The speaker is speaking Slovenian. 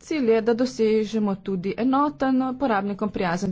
Cilj je, da dosežemo tudi enoten, porabnikom prijazen